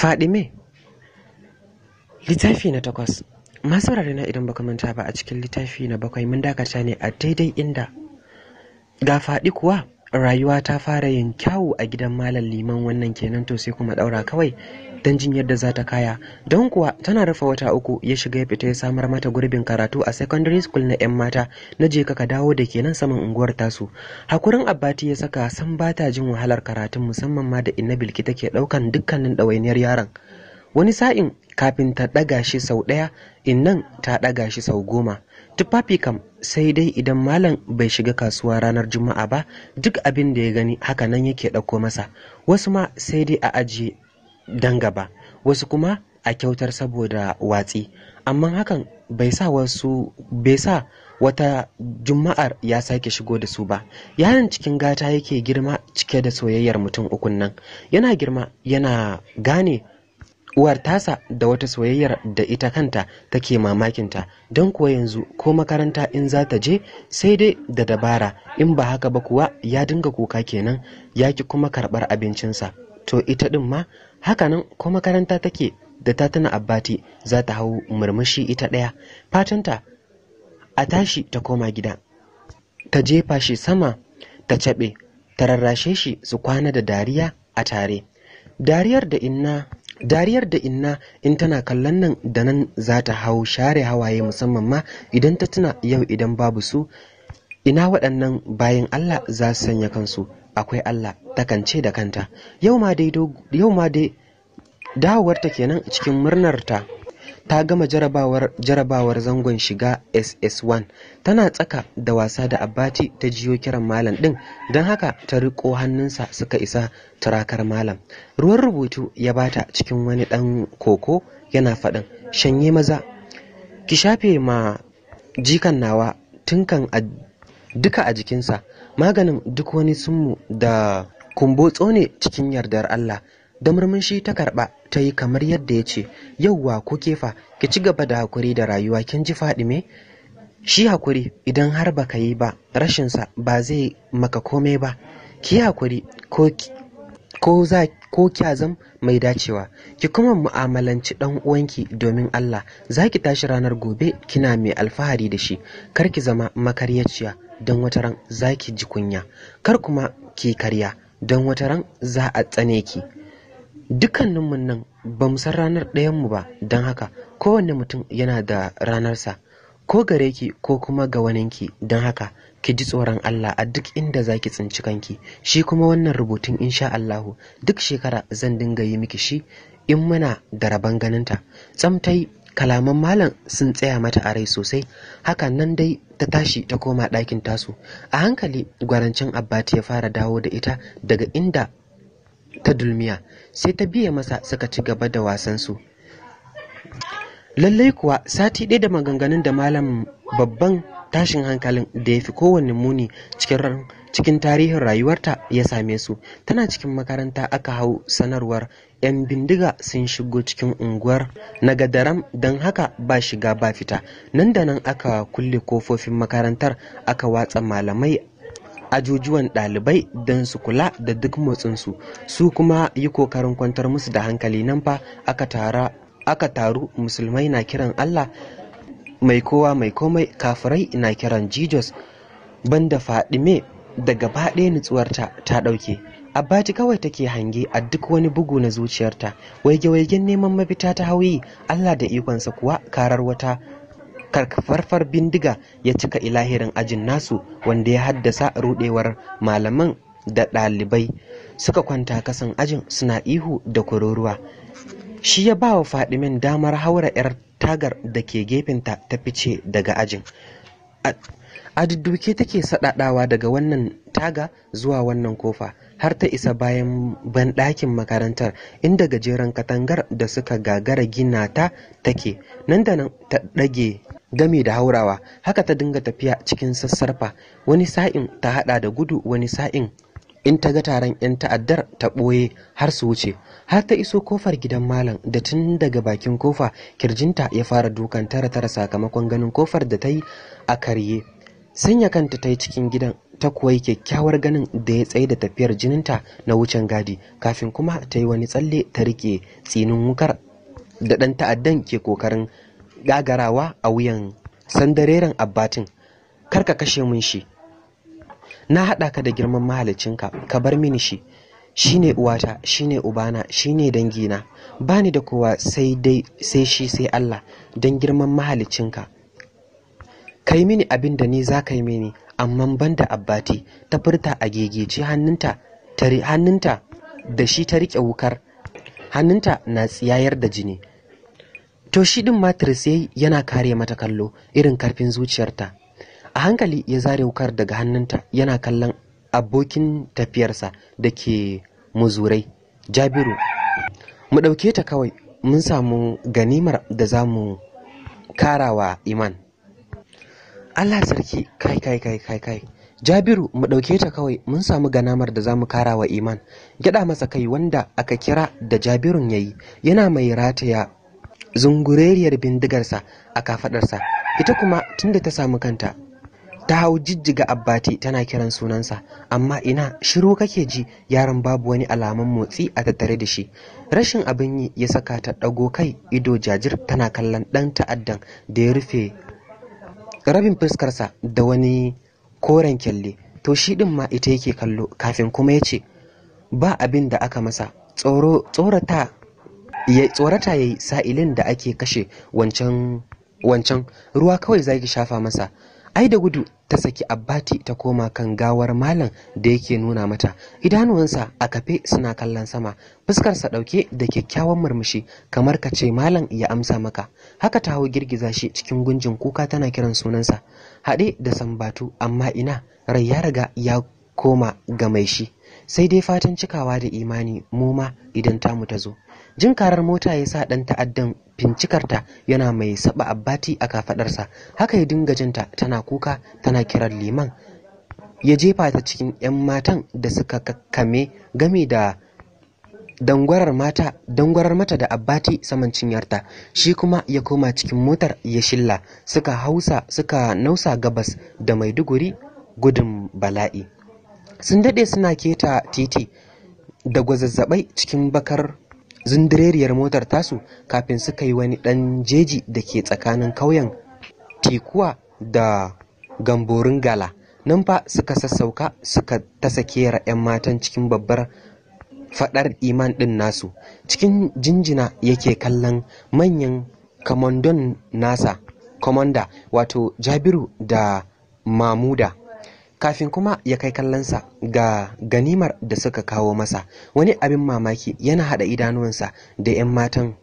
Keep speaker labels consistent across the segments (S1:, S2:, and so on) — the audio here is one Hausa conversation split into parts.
S1: Faɗi Fadime littafi na takwas masu na idan baka manta ba a cikin littafi na bakwai mun dakata ne a daidai inda ga faɗi kuwa rayuwa ta fara yin kyawu a gidan malam liman wannan kenan to sai kuma ɗaura kawai don jin yadda za ta kaya don kuwa tana rufe wata uku ya shiga ya fita ya samar mata gurbin karatu a secondary school na 'yan mata na je ka dawo da kenan saman unguwar tasu hakurin abbati ya saka san ba ta jin wahalar karatun musamman ma da inna bilki take ɗaukan dukkanin ɗawainiyar yaron wani sa'in kafin ta ɗaga shi sau ɗaya innan ta ɗaga shi sau goma tufafi kam sai dai idan malam bai shiga kasuwa ranar juma'a ba duk abin da ya gani haka nan yake ɗauko masa wasu ma sai dai a ajiye dan gaba wasu kuma a kyautar saboda watsi amma hakan bai sa wasu bai sa wata juma'ar ya sake shigo da su ba yaron cikin gata yake girma cike da soyayyar mutum ukun nan yana girma yana gane uwar tasa da wata soyayyar da ita kanta take mamakinta don kuwa yanzu ko makaranta in za ta je sai dai da dabara in ba haka ba kuwa ya dinga kuka kenan ya ki kuma karɓar abincinsa to ita ɗin ma haka nan ko makaranta take da ta tuna abbati za ta hau murmushi ita ɗaya fatanta a tashi ta koma gida ta jefa shi sama ta caɓe ta rarrashe shi su kwana da dariya a tare dariyar da inna dariyar da inna in tana kallon nan da nan za ta hau share hawaye musamman ma idan ta tuna yau idan babu su ina waɗannan bayan Allah za su sanya kansu akwai Allah takance da kanta yau ma dai yau ta kenan cikin murnar ta Ta gama jarabawar jarabawar zangon shiga SS1 tana tsaka da wasa da abati ta jiyo kiran malam ɗin, don haka ta riko hannunsa suka isa turakar malam ruwan rubutu ya bata cikin wani ɗan koko yana faɗin shanye maza ki shafe ma jikan nawa tunkan duka a jikinsa maganin duk wani sunmu da kumbotso ne cikin yardar Allah da murmushi ta karɓa ta yi kamar yadda ya ce yauwa ko kefa ki ci gaba da hakuri da rayuwa kin ji faɗi me? shi hakuri idan har baka yi ba rashinsa ba zai maka komai ba ki hakuri ko ko za ko kyazam mai dacewa ki kuma mu'amalanci dan uwanki domin Allah zaki tashi ranar gobe kina mai alfahari da shi kar ki zama makaryaciya don wata ran za ki ji kunya kar kuma ki karya don wata ran za a tsane ki dukkaninmu nan ba mu san ranar ɗayanmu ba don haka kowane mutum yana da ranarsa ko gare ki ko kuma ga waninki don haka ki ji tsoron Allah a duk inda za ki tsinci kanki shi kuma wannan rubutun insha Allahu duk shekara zan dinga yi miki shi in muna da rabon ganinta tsamtai kalaman malam sun tsaya mata a rai sosai Haka nan dai ta tashi ta koma ɗakin tasu a hankali gwarancin abbati ya fara dawo da ita daga inda ta dulmiya sai ta biya masa suka ci gaba da wasansu lallai kuwa sati ɗaya da maganganun da malam babban tashin hankalin da ya fi kowane muni cikin tarihin rayuwarta ya same su tana cikin makaranta aka hau sanarwar 'yan bindiga sun shigo cikin unguwar na gadaram don haka ba shiga ba fita nan da nan aka kulle kofofin makarantar aka watsa malamai ajujuwan ɗalibai don su kula da duk motsinsu su kuma yi kokarin kwantar musu da hankali nan fa aka taru musulmai na kiran allah mai kowa mai komai kafirai na kiran jesus banda fadime daga baɗe nutsuwarta ta ɗauke abati kawai take hange a duk wani bugu na zuciyarta, waige-waigen neman mafita ta hauyi Allah da ikonsa kuwa karar wata karfarfar bindiga ya cika ilahirin ajin nasu wanda ya haddasa rudewar malaman da ɗalibai suka kwanta kasan ajin suna ihu da kururuwa. Shi ya bawa wa Fadimin damar haura 'yar tagar da ke gefenta ta fice daga ajin. A dudduke take saɗaɗawa daga wannan taga zuwa wannan kofa. har ta isa bayan banɗakin makarantar inda gajeren katangar da suka gagara gina ta take nan da nan ta ɗage gami da haurawa haka ta dinga tafiya cikin sassarfa wani sa'in ta haɗa da gudu wani sa'in in ta ga taron 'yan ta'addar ta ɓoye har su wuce har ta iso kofar gidan malam da tun daga bakin kofa kirjinta ya fara dukan tara tara sakamakon ganin kofar da ta yi a karye sanya kanta ta yi cikin gidan ta kuwa yi kyakkyawar ganin da ya tsaye da tafiyar jininta na wucin gadi kafin kuma ta yi wani tsalle ta rike tsinin wukar da ɗan ta'addan ke kokarin gagarawa a wuyan sandareren abbatin karka kashe mun shi na haɗa ka da girman mahalicinka ka bar mini shi Shi ne uwata shi ne ubana shi shine dangina bani da kowa sai dai sai shi sai Allah don girman mahalicinka yi mini abin da ni za ka yi mini amma banda abbati ta furta a gegece hannunta hannunta da shi ta riƙe wukar hannunta na tsiyayar da jini to shi ɗin matris yayi yana kare mata kallo irin karfin zuciyarta a hankali ya zare wukar daga hannunta yana kallon abokin tafiyarsa da ke muzurai jabiru mu ɗauke ta kawai mun samu ganimar da za mu wa iman Allah sarki kai kai kai kai kai Jabiru mu ɗauke ta kawai mun samu ganamar da zamu kara wa Iman gyaɗa masa kai wanda aka kira da Jabirun yayi yana mai rataya zungureriyar bindigarsa a sa ita kuma tunda ta samu kanta ta hau jijjiga abbati tana kiran sunansa amma ina shiru kake ji yaron babu wani alaman motsi a tattare da shi rashin abin yi ya saka ta ɗago kai ido jajir tana kallon ɗan ta'addan da ya rufe rabin fuskarsa da wani koren kyalle to shi din ma ita yake kallo kafin kuma ya ce ba abin da aka masa tsorata ya yi sa'ilin da ake kashe wancan ruwa kawai zaki shafa masa ai da gudu ta saki abbati ta koma kan gawar malam da yake nuna mata idanuwansa a kafe suna kallon sama fuskarsa ɗauke da kyakkyawan murmushi kamar ka ce malam ya amsa maka haka ta hau girgiza shi cikin gunjin kuka tana kiran sunansa haɗe da sambatu amma ina rai ya riga ya koma ga mai shi sai dai fatan cikawa da imani mu ma idan tamu ta zo jin karar mota ya sa ɗan ta'addan bincikarta yana mai saba abbati a kafaɗarsa haka ya dinga jinta tana kuka tana kiran liman ya jefa ta cikin 'yan matan da suka kakkame game da dangwarar mata dangwarar mata da abbati saman cinyarta shi kuma ya koma cikin motar ya shilla suka hausa suka nausa gabas da maiduguri gudun bala'i sun dade suna keta titi da gwazazzabai cikin bakar zindireriyar motar tasu kafin suka yi wani ɗan jeji da ke tsakanin kauyen tikuwa da gamborin gala nan fa suka sassauka suka ta sake 'yan matan cikin babbar fadar iman ɗin nasu cikin jinjina yake kallon manyan kamandon nasa komanda wato jabiru da mamuda kafin kuma ya kai kallonsa ga ganimar da suka kawo masa wani abin mamaki yana haɗa idanuwansa da 'yan matan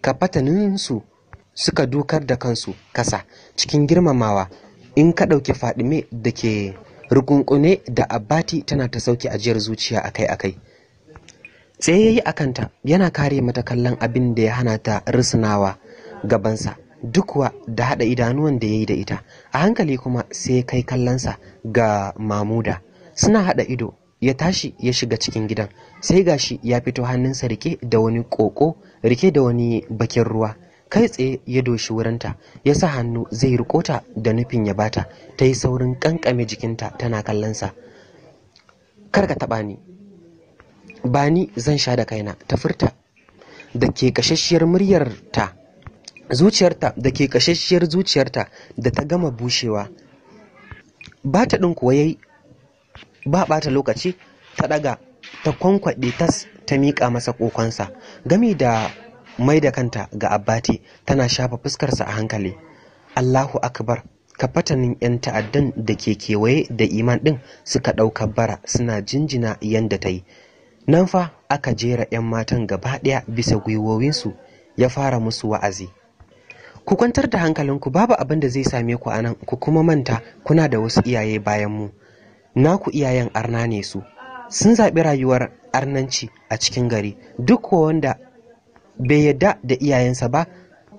S1: kafataninsu suka dukar da kansu kasa cikin girmamawa in ka ɗauki fadime da ke rukunkune da abati tana ta sauke ajiyar zuciya akai-akai tsayayi a kanta yana kare mata kallon abin da ya hana ta risinawa gabansa duk da haɗa idanuwan da ya yi da ita a hankali kuma sai ya kai kallonsa ga mamuda suna haɗa ido ya tashi ya shiga cikin gidan sai gashi ya fito hannunsa rike da wani ƙoƙo rike da wani bakin ruwa kai tsaye ya doshi wurinta ya sa hannu zai rikota da nufin ya bata ta yi saurin kankame jikinta tana kallonsa kar ka taɓa ni ba ni zan sha da kaina ta furta da ke kashashiyar muryarta zuciyarta da ke kashashiyar zuciyarta da ta gama bushewa ba ta ɗin kuwa yayi ba ɓata lokaci ta ɗaga ta kwankwaɗe tas ta miƙa masa ƙoƙonsa gami da mai da kanta ga abbati tana shafa fuskarsa a hankali allahu akbar kafatanin 'yan ta'addan da ke kewaye da iman ɗin suka ɗauka bara suna jinjina yadda ta yi nan fa aka jera 'yan matan gaba ɗaya bisa gwiwowinsu ya fara musu wa'azi ku kwantar da hankalinku babu abin da zai same ku anan ku kuma manta kuna da wasu iyaye bayan mu naku iyayen arna ne su sun zaɓi rayuwar arnanci a cikin gari duk wanda bai yarda da iyayensa ba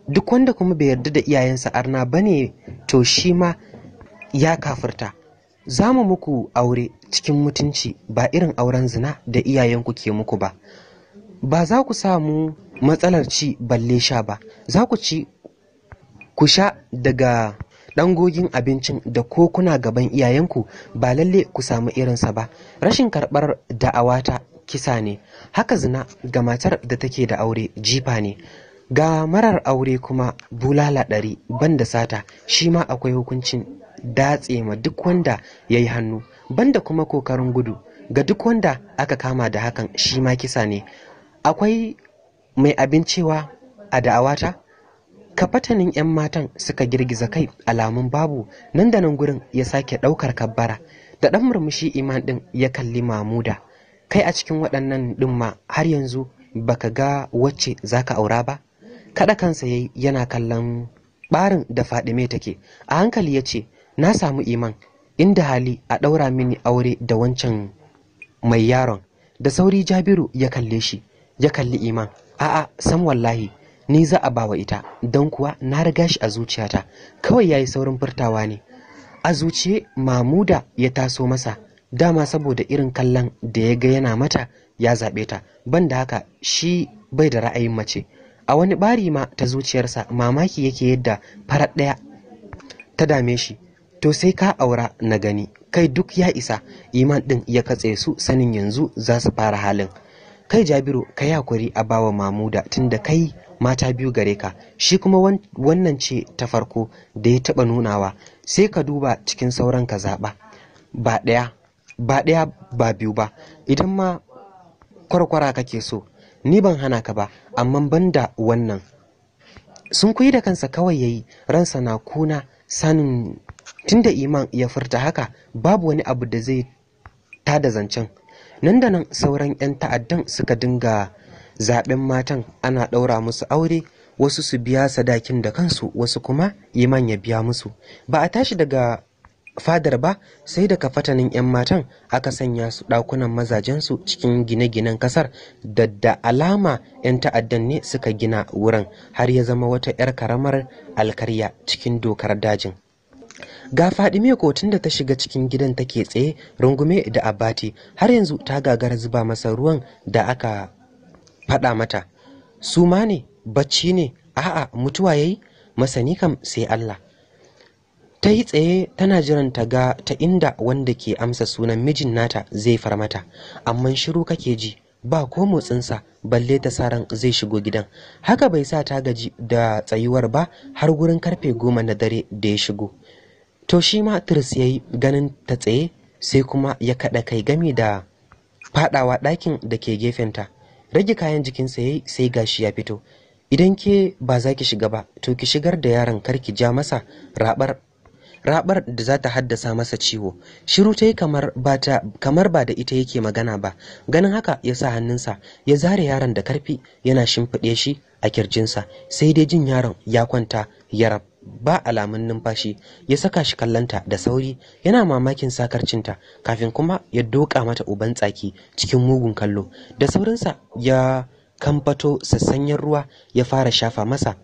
S1: duk wanda kuma bai yarda da iyayensa arna ba ne to shi ma ya kafirta za mu muku aure cikin mutunci ba irin auren zina da iyayenku ke muku ba ba za ku samu matsalar ci balle sha ba za ku ci ku sha daga ɗangogin abincin da ko kuna gaban iyayenku ba lalle ku samu irinsa ba rashin karɓar da'awata kisa ne haka zina ga matar da take da aure jifa ne ga marar aure kuma bulala ɗari banda sata shi ma akwai hukuncin datse ma duk wanda ya yi hannu banda kuma kokarin gudu ga duk wanda aka kama da hakan shi ma kisa ne akwai mai abincewa a da'awata kafatanin 'yan matan suka girgiza kai alamun babu nan da nan gurin ya sake ɗaukar kabbara da ɗan murmushi iman ɗin ya kalli mamuda kai a cikin waɗannan ɗin ma har yanzu baka ga wacce zaka aura ba kaɗa kansa yayi yana kallon ɓarin da fadime take a hankali ya ce na samu iman inda hali a ɗaura mini aure da wancan mai yaron da sauri jabiru ya kalle shi ya kalli iman a'a sam wallahi ni za a bawa ita don kuwa na riga shi a zuciyata kawai yayi saurin furtawa ne a zuciye mamuda ya taso masa dama saboda irin kallon da ya ga yana mata ya zaɓe ta banda haka shi bai da ra'ayin mace a wani ɓari ma ta zuciyarsa mamaki yake yadda farar ɗaya ta dame shi to sai ka aura na gani kai duk ya isa iman ɗin ya katse su sanin yanzu za su fara halin kai jabiru ka yi hakuri a bawa mamuda tunda kai mata biyu gare ka shi kuma wannan ce ta farko da ya taɓa nunawa sai ka duba cikin sauran ka zaɓa ba ɗaya ba ɗaya ba biyu ba idan ma kwarkwara kake so ni ban hana ka ba amma banda wannan sun kuyi da kansa kawai yayi ransa na kuna sanin tunda iman ya furta haka babu wani abu da zai tada zancen nan da nan sauran 'yan ta'addan suka dinga zaɓen matan ana ɗaura musu aure wasu su biya sadakin da kansu wasu kuma iman ya biya musu ba a tashi daga fadar ba sai daga fatanin 'yan matan aka sanya su ɗakunan mazajensu cikin gine-ginen kasar da da alama 'yan ta'addan ne suka gina wurin har ya zama wata 'yar karamar alkarya cikin dokar dajin ga fadime kotun da ta shiga cikin gidan take tsaye rungume da abati har yanzu ta gagara zuba masa ruwan da aka faɗa mata su ma ne bacci ne a'a mutuwa yayi masani kam sai Allah ta yi tsaye tana jiran ta ga ta inda wanda ke amsa sunan mijin nata zai farmata amma shiru kake ji ba ko motsinsa balle ta sa ran zai shigo gidan haka bai sa ta gaji da tsayuwar ba har gurin karfe goma na dare da ya shigo to shi ma tirs ya yi ganin ta tsaye sai kuma ya kaɗa kai gami da faɗawa ɗakin da ke gefenta rage kayan jikinsa yayi sai gashi ya fito idan ke ba za ki shiga ba to ki shigar da yaron kar ki ja masa rabar rabar da za ta haddasa masa ciwo shiru ta yi kamar ba kamar ba da ita yake magana ba ganin haka ya sa hannunsa ya zare yaron da karfi yana shimfiɗe shi a kirjinsa sai dai jin yaron ya kwanta ya rab ba alamun numfashi ya saka shi kallanta da sauri yana mamakin sakarcinta kafin kuma ya doka mata uban tsaki cikin mugun kallo da saurinsa ya kambato sassanyar ruwa ya fara shafa masa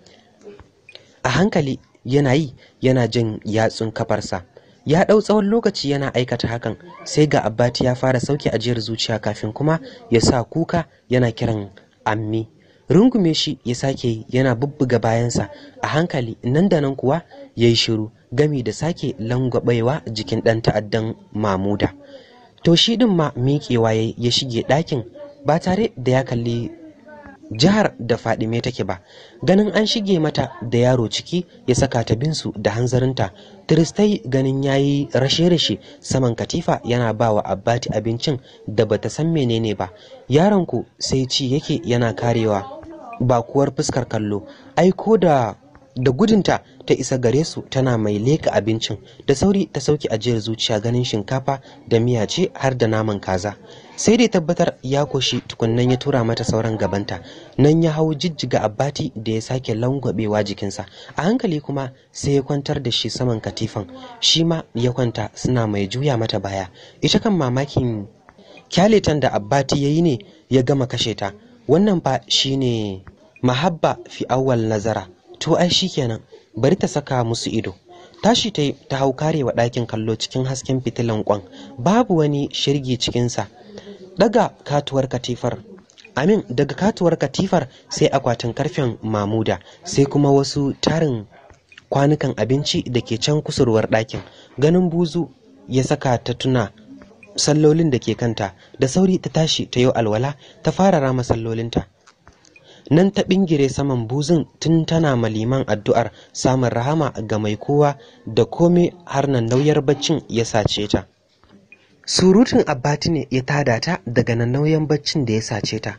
S1: a hankali yana yi yana jin yatsun kafarsa ya ɗau tsawon lokaci yana aikata hakan sai ga abbati ya fara sauke ajiyar zuciya kafin kuma ya sa kuka yana kiran ammi rungume shi ya sake yi yana bubbuga bayansa a hankali nan da nan kuwa ya yi shiru gami da sake langwabaiwa jikin ɗan ta'addan mamuda to shi ɗin ma miƙewa ya shige ɗakin ba tare da ya kalli jihar da faɗime take ba ganin an shige mata da yaro ciki ya saka ta bin su da hanzarinta tiristai ganin yayi rashe-rashe saman katifa yana ba wa abbati abincin da bata san menene ba yaron ku sai ci yake yana karewa ba kuwar fuskar kallo aiko da da gudunta ta isa gare su tana mai leka abincin da sauri ta sauki ajiyar zuciya ganin shinkafa da miya ce har da naman kaza sai dai tabbatar ya koshi tukunnan ya tura mata sauran gabanta nan ya hau jijjiga abbati da ya sake langwabewa jikinsa a hankali kuma sai ya kwantar da shi saman katifan shi ma ya kwanta suna mai juya mata baya ita kan mamakin kyaletan da abbati ya yi ne ya gama kashe ta wannan fa ne mahabba fi awwal nazara to ai shikenan bari ta saka musu ido tashi ta ta hau karewa ɗakin kallo cikin hasken fitilan kwan babu wani shirgi cikinsa daga katuwar katifar amin daga katuwar katifar sai akwatin karfen mamuda sai kuma wasu tarin kwanukan abinci da ke can kusurwar ɗakin ganin buzu ya saka ta tuna sallolin da ke kanta da sauri ta tashi ta yi alwala ta fara rama sallolinta nan ta bingire saman buzun tun tana maliman addu'ar samun rahama ga mai kowa da komai har nan nauyar baccin ya sace ta surutun abbati ne ya tada ta daga nan nauyin baccin da ya sace ta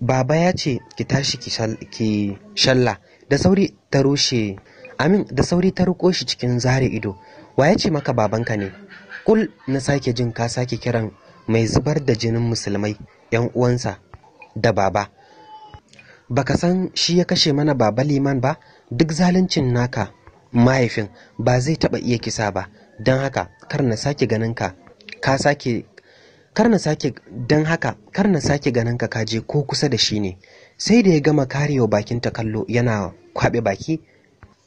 S1: baba ya ce ki tashi ki shalla da sauri ta rushe amin da sauri ta ruko shi cikin zare ido wa ya ce maka babanka ne kul na sake jin ka sake kiran mai zubar da jinin musulmai yan uwansa da baba baka san shi ya kashe mana baba liman ba duk zaluncin naka mahaifin ba zai taɓa iya kisa ba don haka kar na sake ganin ka ka sake kar na sake don haka kar na sake ganin ka kaje ko kusa da shi ne sai da ya gama karewa bakin ta kallo yana kwaɓe baki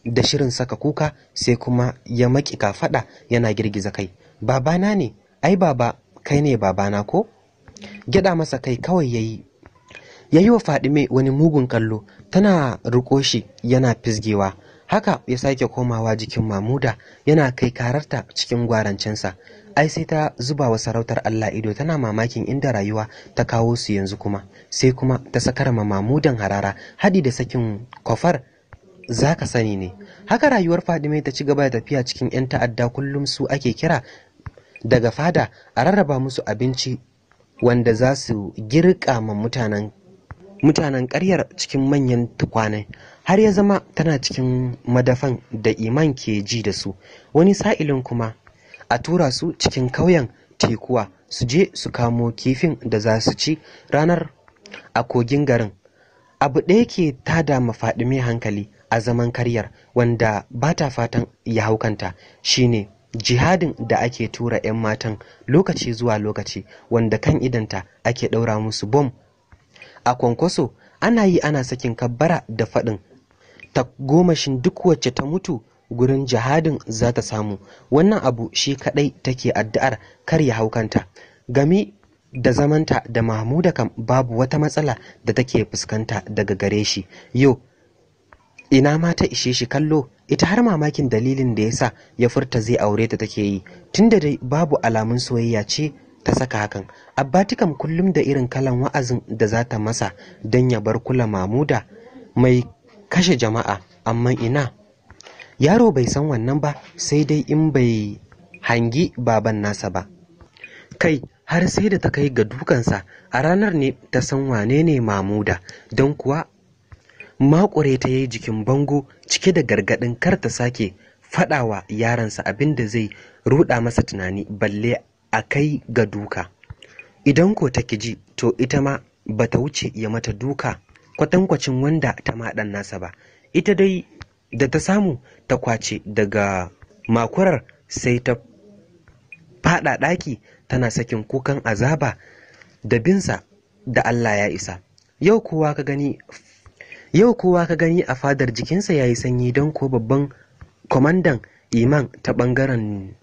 S1: da shirin saka kuka sai kuma ya maki kafaɗa yana girgiza kai babana ne ai baba kai ne babana ko gyada masa kai kawai yayi ya yi wa fadime wani mugun kallo tana riko shi yana fisgewa haka ya sake komawa jikin mamuda yana kai kararta cikin gwarancinsa ai sai ta zuba wa sarautar allah ido tana mamakin inda rayuwa ta kawo su yanzu kuma sai kuma ta sakar ma mamudan harara hadi da sakin kwafar za ka sani ne haka rayuwar fadime ta ci gaba da tafiya cikin 'yan ta'adda kullum su ake kira daga fada a rarraba musu abinci wanda za su girka ma mutanen mutanen ƙaryar cikin manyan tukwanai har ya zama tana cikin madafan da iman ke ji da su wani sa'ilin kuma a tura su cikin kauyen tekuwa su je su kamo kifin da za su ci ranar a kogin garin abu ɗaya ke tada mai hankali a zaman karyar wanda ba ta fatan ya haukanta shine jihadin da ake tura 'yan matan lokaci zuwa lokaci wanda kan idanta ake ɗaura musu bom a kwankwaso ana yi ana sakin kabbara da faɗin ta gomashin duk wacce ta mutu gurin jihadin za ta samu wannan abu shi kaɗai take addu'ar kar ya haukanta Gami da zamanta da mahmuda kam babu wata matsala da take fuskanta daga gare shi yau ina ma ta ishe shi kallo ita har mamakin dalilin da yasa ya furta zai aure ta take yi tunda dai babu alamun soyayya ce ta saka hakan abbatikam kullum da irin kalan wa'azin da za ta masa don ya bar kula mamuda mai kashe jama'a amma ina yaro bai san wannan ba sai dai in bai hangi baban nasa ba kai har sai da ta kai ga dukansa a ranar ne ta san wane ne mamuda don kuwa makure ta yi jikin bango cike da gargaɗin kar ta sake faɗawa yaransa abin da zai ruɗa masa tunani balle a kai ga duka idan ko ta ji to ita ma ba ta wuce ya mata duka kwatankwacin wanda ta maɗan nasa ba ita dai da ta samu ta kwace daga makurar sai ta faɗa ɗaki tana sakin kukan azaba da binsa da Allah ya isa yau kowa ka gani yau kowa ka gani a fadar jikinsa ya yi sanyi don ko babban kwamandan iman ta ɓangaren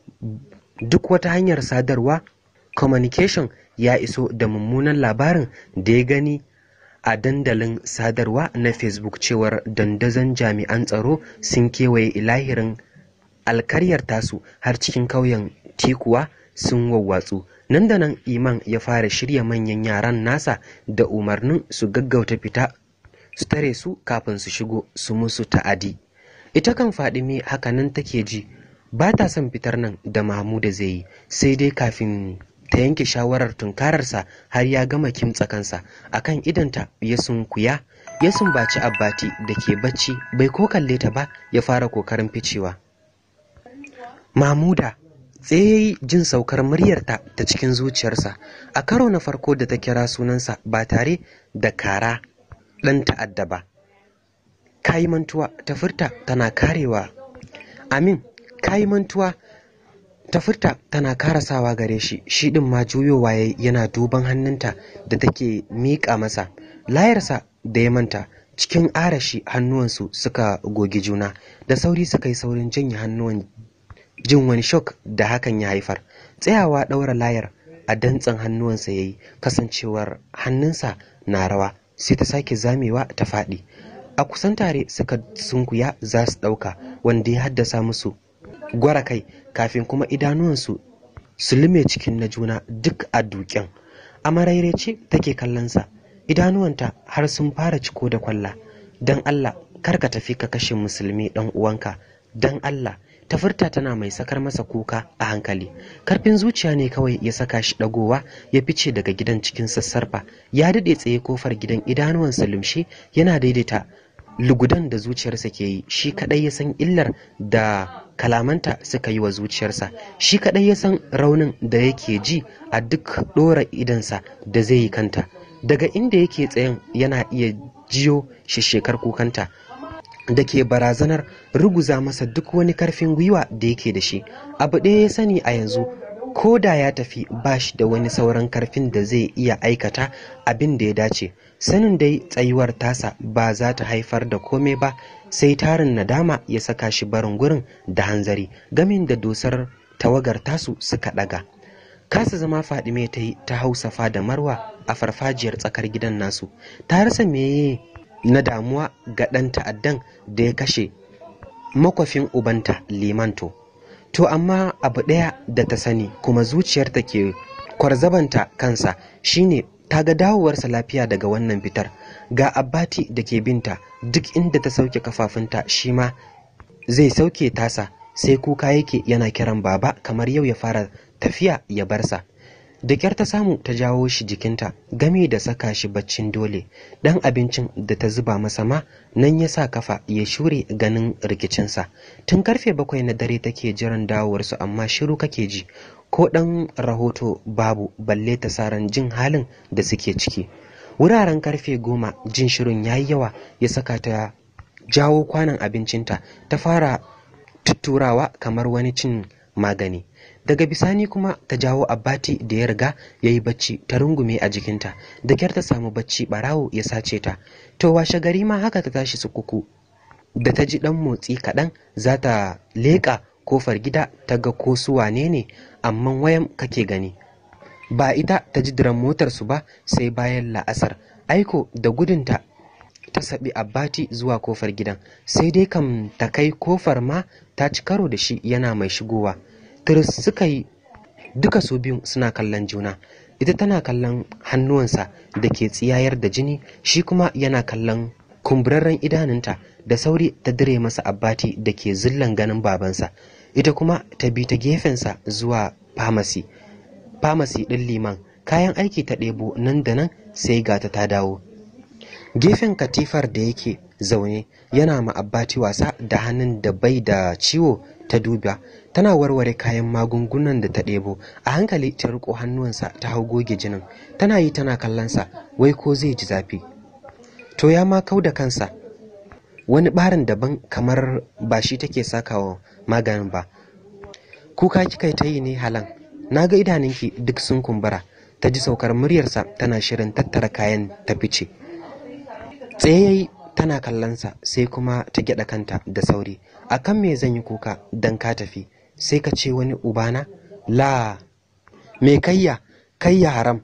S1: duk wata hanyar sadarwa communication ya iso da mummunan labarin da ya gani a dandalin sadarwa na facebook cewar dandazon jami'an tsaro sun kewaye ilahirin alkaryar tasu har cikin kauyen tikuwa sun wawwatsu nan da nan iman ya fara shirya manyan yaran nasa da umarnin su gaggauta fita su tare su kafin su shigo su musu ta'adi ita kan me hakanan take ji ba ta son fitar nan da Mahmuda zai yi sai dai kafin ta yanke shawarar tunkararsa har ya gama kimtsa kansa akan idanta ya sunkuya ya sumbaci abbati da ke bacci bai ko kalle ta ba ya fara kokarin ficewa Mahmuda tsayayi jin saukar muryarta ta cikin zuciyarsa a karo na farko da ta kira sunansa ba tare da kara ɗan ta'adda ba kayi mantuwa ta furta tana karewa Amin kayi yi mantuwa ta furta tana karasawa gare shi shi ɗin ma juyowa ya yana duban hannunta da take miƙa masa layarsa da ya manta cikin arashi hannuwansu suka gogi juna da sauri suka yi saurin janye hannuwan jin wani shock da hakan ya haifar tsayawa ɗaura layar a dantsan hannuwansa ya yi kasancewar hannunsa na rawa sai ta sake zamewa ta faɗi a kusan tare suka sunkuya za su ɗauka wanda ya haddasa musu gwara kai kafin kuma idanuwansu su lume cikin na juna duk a duken amarairece take kallonsa idanuwanta har sun fara ciko da kwalla don allah kar ka tafi ka kashe musulmi dan uwanka don allah ta furta tana mai sakar masa kuka a hankali karfin zuciya ne kawai ya saka shi dagowa ya fice daga gidan cikin sassarfa ya dade tsaye kofar gidan idanuwan lumshe yana daidaita lugudan da zuciyarsa ke yi shi kaɗai ya san illar da kalamanta suka yi wa zuciyarsa shi kaɗai ya san raunin da yake ji a duk ɗora idansa da zai yi kanta daga inda yake tsayen yana iya jiyo shi shekar kukanta da ke barazanar ruguza masa duk wani karfin gwiwa da yake da shi abu ɗaya ya sani a yanzu ko da ya tafi ba shi da wani sauran karfin da zai iya aikata abin da ya dace sanin dai tsayuwar tasa ba za ta haifar da komai ba sai tarin nadama ya saka shi barin gurin da hanzari gamin da dosar tawagar tasu suka ɗaga kasa zama fadime ta yi ta hausafa da marwa a farfajiyar tsakar gidan nasu ta rasa meye na damuwa ga ɗan ta'addan da ya kashe makwafin ubanta limanto to amma abu ɗaya da ta sani kuma zuciyarta ke kwarzabanta kansa shine ta ga dawowarsa lafiya daga wannan fitar ga abbati da ke binta duk inda ta sauke kafafunta shi ma zai sauke tasa sai kuka yake yana kiran baba kamar yau ya fara tafiya ya barsa da kyar ta samu ta jawo shi jikinta gami da saka shi baccin dole 'dan abincin da ta zuba masa ma nan ya sa kafa ya shure ganin rikicinsa tun karfe bakwai na dare take jiran dawowarsu amma shiru kake ji ko ɗan rahoto babu balle ta saran jin halin da suke ciki wuraren karfe goma jin shirin ya yi yawa ya saka ta jawo kwanan abincinta ta fara tutturawa kamar wani cin magani daga bisani kuma ta jawo abbati da ya riga ya yi bacci ta rungume a jikinta da kyar ta samu bacci barawo ya sace ta to washe gari ma haka ta tashi sukuku da ta ji dan motsi kaɗan za ta leƙa kofar gida ta ga ko su wane ne amma wayan kake gani ba ita ta ji diran motar su ba sai bayan la'asar aiko da gudunta ta saɓi abbati zuwa kofar gidan sai dai kam ta kai kofar ma ta ci karo da shi yana mai shigowa tiris suka yi duka su biyu suna kallon juna ita tana kallon hannuwansa da ke tsiyayar da jini shi kuma yana kallon kumburarren idanunta da sauri ta dire masa abbati da ke zillan ganin babansa ita kuma ta bi ta gefensa zuwa famasi famasi ɗin liman kayan aiki ta ɗebo nan da nan sai ga ta dawo gefen katifar da yake zaune yana ma wasa da hannun da bai da ciwo ta duba tana warware kayan magungunan da ta ɗebo a hankali ta riko hannuwansa ta hau goge jinin tana yi tana kallonsa wai ko zai ji zafi to ya ma kau da kansa wani barin daban kamar ba shi take sakawa maganin ba kuka kika ta yi ne halan na ga idanunki duk sun kumbura ta ji saukar muryarsa tana shirin tattara kayan ta fice tsayayi tana kallonsa sai kuma ta gyada kanta da sauri akan me zan yi kuka don ka tafi sai ka ce wani ubana la me kayya kayya haram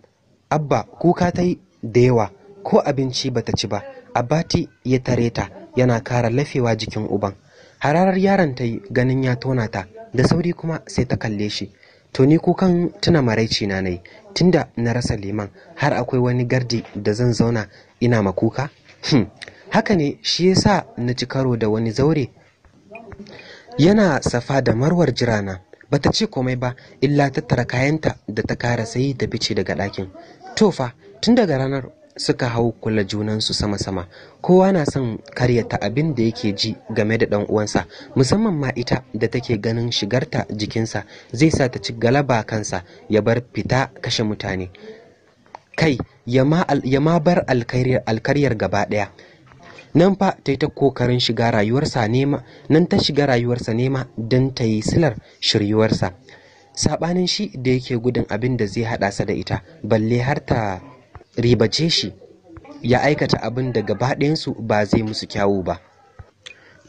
S1: abba kuka ta yi da yawa ko abinci ba ta ci ba abati ya tare ta yana kara lafewa jikin uban hararar yaron ta yi ganin ya tona ta da sauri kuma sai ta kalle shi to ni kukan tuna maraici na nayi tunda na rasa liman har akwai wani gardi da zan zauna ina makuka hmm. haka ne shi yasa na ci karo da wani zaure yana safa da marwar jirana bata ce komai ba illa tattara kayanta da ta kara sai ta fice daga ɗakin to fa tun daga ranar suka hau kula junansu sama-sama kowa na son karyata abin da yake ji game da ɗan uwansa musamman ma ita da take ganin shigarta jikinsa zai sa ta ci galaba kansa ya bar fita kashe mutane kai ya ma bar alkaryar gaba ɗaya nan fa ta yi ta kokarin shiga rayuwarsa nema nan ta shiga rayuwarsa nema don ta yi silar shiryuwarsa sabanin shi da yake gudun abin da zai haɗa sa da ita balle har ta ribace shi ya aikata abin da gaba ɗayansu ba zai musu kyawu ba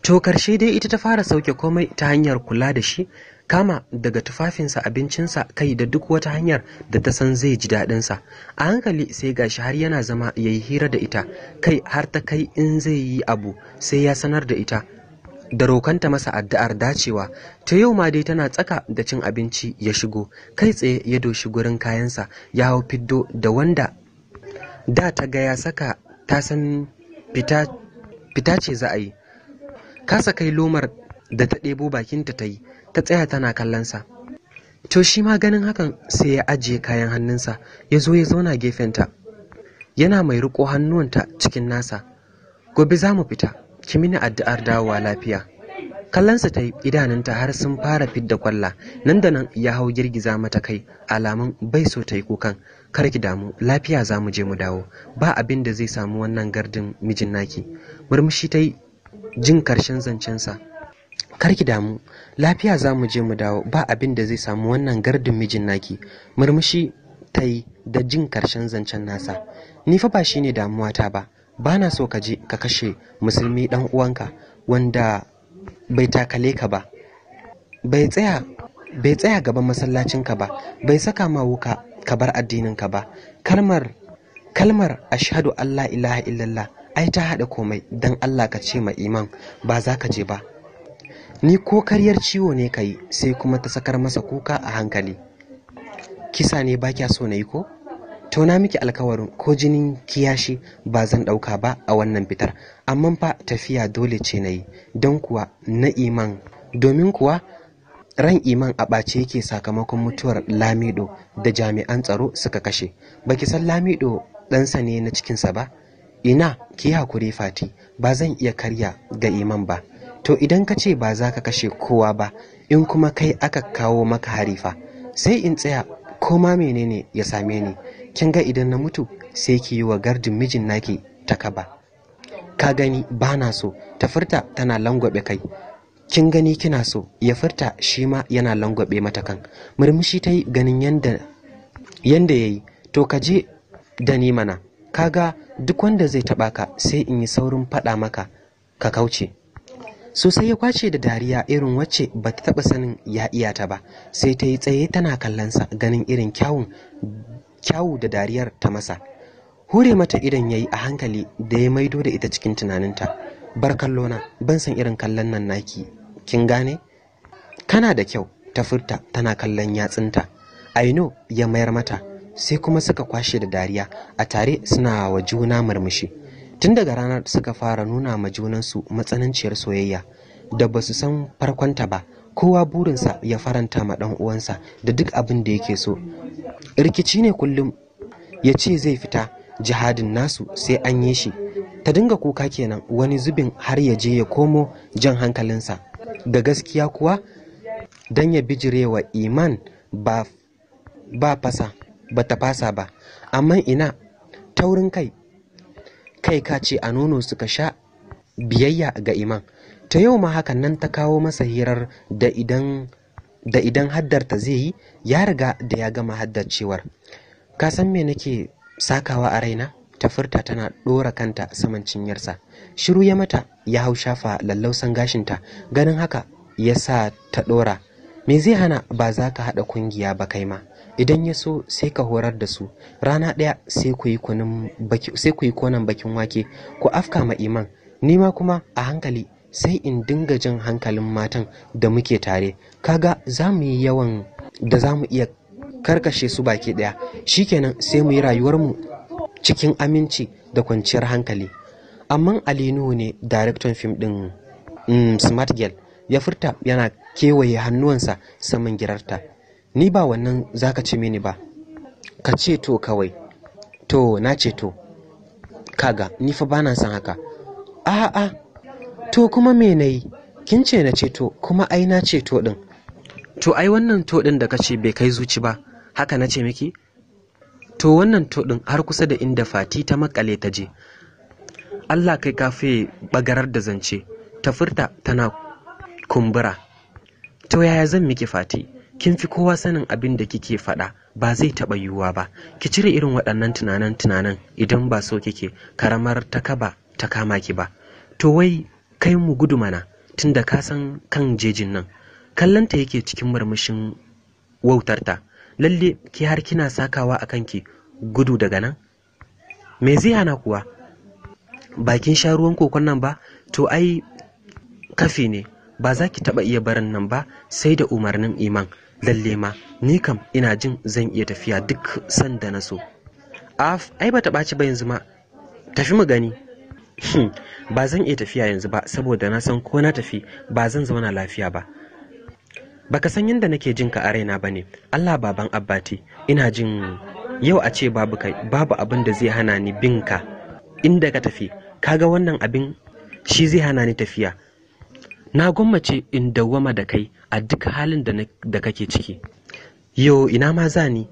S1: to karshe dai ita ta fara sauke komai ta hanyar kula da shi kama daga tufafinsa abincinsa kai da duk wata hanyar da ta san zai ji daɗinsa a hankali sai gashi har yana zama ya yi hira da ita kai har ta kai in zai yi abu sai ya sanar da ita da rokanta masa addu'ar dacewa ta yau ma dai tana tsaka da cin abinci ya shigo kai tsaye ya doshi gurin kayansa ya hau fiddo da wanda da ta ga ya saka ta san fita ce za a yi kasa kai lomar da ta ɗebo bakinta ta yi ta tsaya tana kallonsa to shi ma ganin hakan sai ya ajiye kayan hannunsa ya zo ya zauna gefenta yana mai riko hannuwanta cikin nasa gobe za mu fita ki mini addu'ar dawowa lafiya kallonsa ta yi idanunta har sun fara fidda kwalla nan da nan ya hau girgiza mata kai alamun bai so ta yi kukan kar ki damu lafiya za mu je mu dawo ba abin da zai samu wannan gardin mijin naki murmushi ta yi jin karshen zancensa kar ki damu lafiya za mu je mu dawo ba abin da zai samu wannan gardin mijin naki murmushi ta yi da jin karshen zancen nasa ni fa ba shine damuwata ba ba na so ka je ka kashe musulmi dan uwanka wanda bai takale ka ba bai tsaya bai tsaya gaban masallacinka ba bai saka ma wuka ka bar ka ba kalmar kalmar ashhadu allah ilaha illallah ai ta haɗa komai don allah ka ce ma iman ba za ka je ba ni ko karyar ciwo ne ka yi sai kuma ta sakar masa kuka a hankali kisa ne ba kya so na yi ko to na miki alkawarin ko jinin kiyashi ba zan ɗauka ba a wannan fitar amma fa tafiya dole ce na yi don kuwa na iman domin kuwa ran iman a ɓace yake sakamakon mutuwar lamido da jami'an tsaro suka kashe baki san lamido ɗansa ne na cikinsa ba ina ki hakuri fati ba zan iya karya ga iman ba to idan ka ce ba za ka kashe kowa ba in kuma kai aka kawo maka harifa sai in tsaya ko ma menene ya same ni kin ga idan na mutu sai ki yi wa gardin mijin naki ta kaba ka gani ba so ta furta tana langwabe kai kin gani kina so ya furta shi ma yana langwabe mata kan murmushi ta yi ganin yanda yanda ya yi to ka je da ni mana ga, duk wanda zai taba ka sai in yi saurin faɗa maka ka kauce sosai ya kwace da dariya irin wacce ba ta taɓa sanin ya iya ta ba sai ta yi tsaye tana kallonsa ganin irin kyawun kyawu da dariyar ta masa hure mata idan ya yi a hankali da ya maido da ita cikin tunaninta bar kallona ban san irin kallon nan naki kin gane kana da kyau ta furta tana kallon yatsinta aino ya mayar mata sai kuma suka kwashe da dariya a tare suna wa juna murmushi tun daga ranar suka fara nuna ma junansu matsananciyar soyayya da ba su san farkonta ba kowa burinsa ya faranta ma ɗan uwansa da duk abin da yake so rikici ne kullum ya ce zai fita jihadin nasu sai an yi shi ta dinga kuka kenan wani zubin har ya je ya komo jan hankalinsa da gaskiya kuwa don ya bijirewa iman ba fasa ba ta fasa ba amma ina taurin kai kai ka ce a nono suka sha biyayya ga iman. ta yau ma hakan nan ta kawo masa hirar da idan da idan haddarta zai yi ya riga da ya gama haddacewar. ka san me nake sakawa a raina ta furta tana ɗora kanta saman cinyarsa shiru ya mata ya hau shafa lallausan gashinta ganin haka ya sa ta ɗora me zai hana ba za ka haɗa kungiya ba kai ma idan ya so sai ka horar da su rana ɗaya sai ku yi konan bakin wake ku afka ma iman nima kuma a hankali sai in dinga jin hankalin matan da muke tare kaga za mu yi yawan da za mu iya karkashe su baki ɗaya shikenan sai mu yi mu cikin aminci da kwanciyar hankali amma alinu ne daraktan fim ɗin mm, smart girl ya furta yana kewaye hannuwansa saman girarta ni ba wannan zaka ce mini ba ka ce to kawai to na ce to kaga ni fa bana son haka a'a to kuma me nayi kin ce na ce to kuma ai na ce to din to ai wannan to din da kace bai kai zuci ba haka na ce miki to wannan to din har kusa da inda fati ta makale ta je Allah kai kafe bagarar da zance ta furta tana kumbura to yaya zan miki fati kin fi kowa sanin abin da kike faɗa ba zai taɓa yiwuwa ba ki cire irin waɗannan tunanan tunanin idan ba so kike karamar ta kaba ta kama ki ba to wai kai mu gudu mana tunda ka san kan jejin nan kallanta yake cikin murmushin wautarta lalle ki har kina sakawa a kanki gudu daga nan me zai hana kuwa bakin sha ruwan kokon nan ba to ai kafi ne ba za ki taɓa iya barin nan ba sai da umarnin iman lalle ma ni kam ina jin zan iya tafiya duk sanda na so af ai bata ɓaci ba yanzu ma tafi mu gani hmm, ba zan iya tafiya yanzu ba saboda na san ko na tafi ba zan zauna lafiya ba baka san yadda nake jin ka a raina bane Allah baban abbati ina jin yau a ce babu kai babu abin da zai hana ni bin ka inda ka tafi kaga wannan abin shi zai hana ni tafiya na gwammace in dawwama da kai a duk halin da kake ciki yo ina ma za ni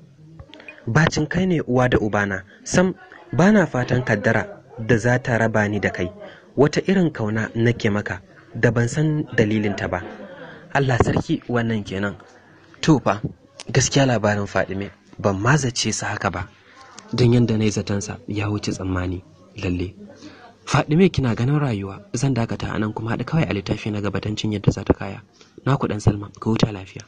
S1: bacin kai ne uwa da ubana sam ba na fatan kaddara da za ta raba ni da kai wata irin kauna nake maka da ban san dalilin ta ba Allah sarki wannan kenan to fa gaskiya labarin Fadime ban mazace su haka ba don yadda na yi zatansa ya wuce tsammani lalle Fadime kina ganin rayuwa zan dakata anan kuma haɗu kawai a littafi na gabatancin yadda za ta kaya. Na ku Salma, ka huta lafiya.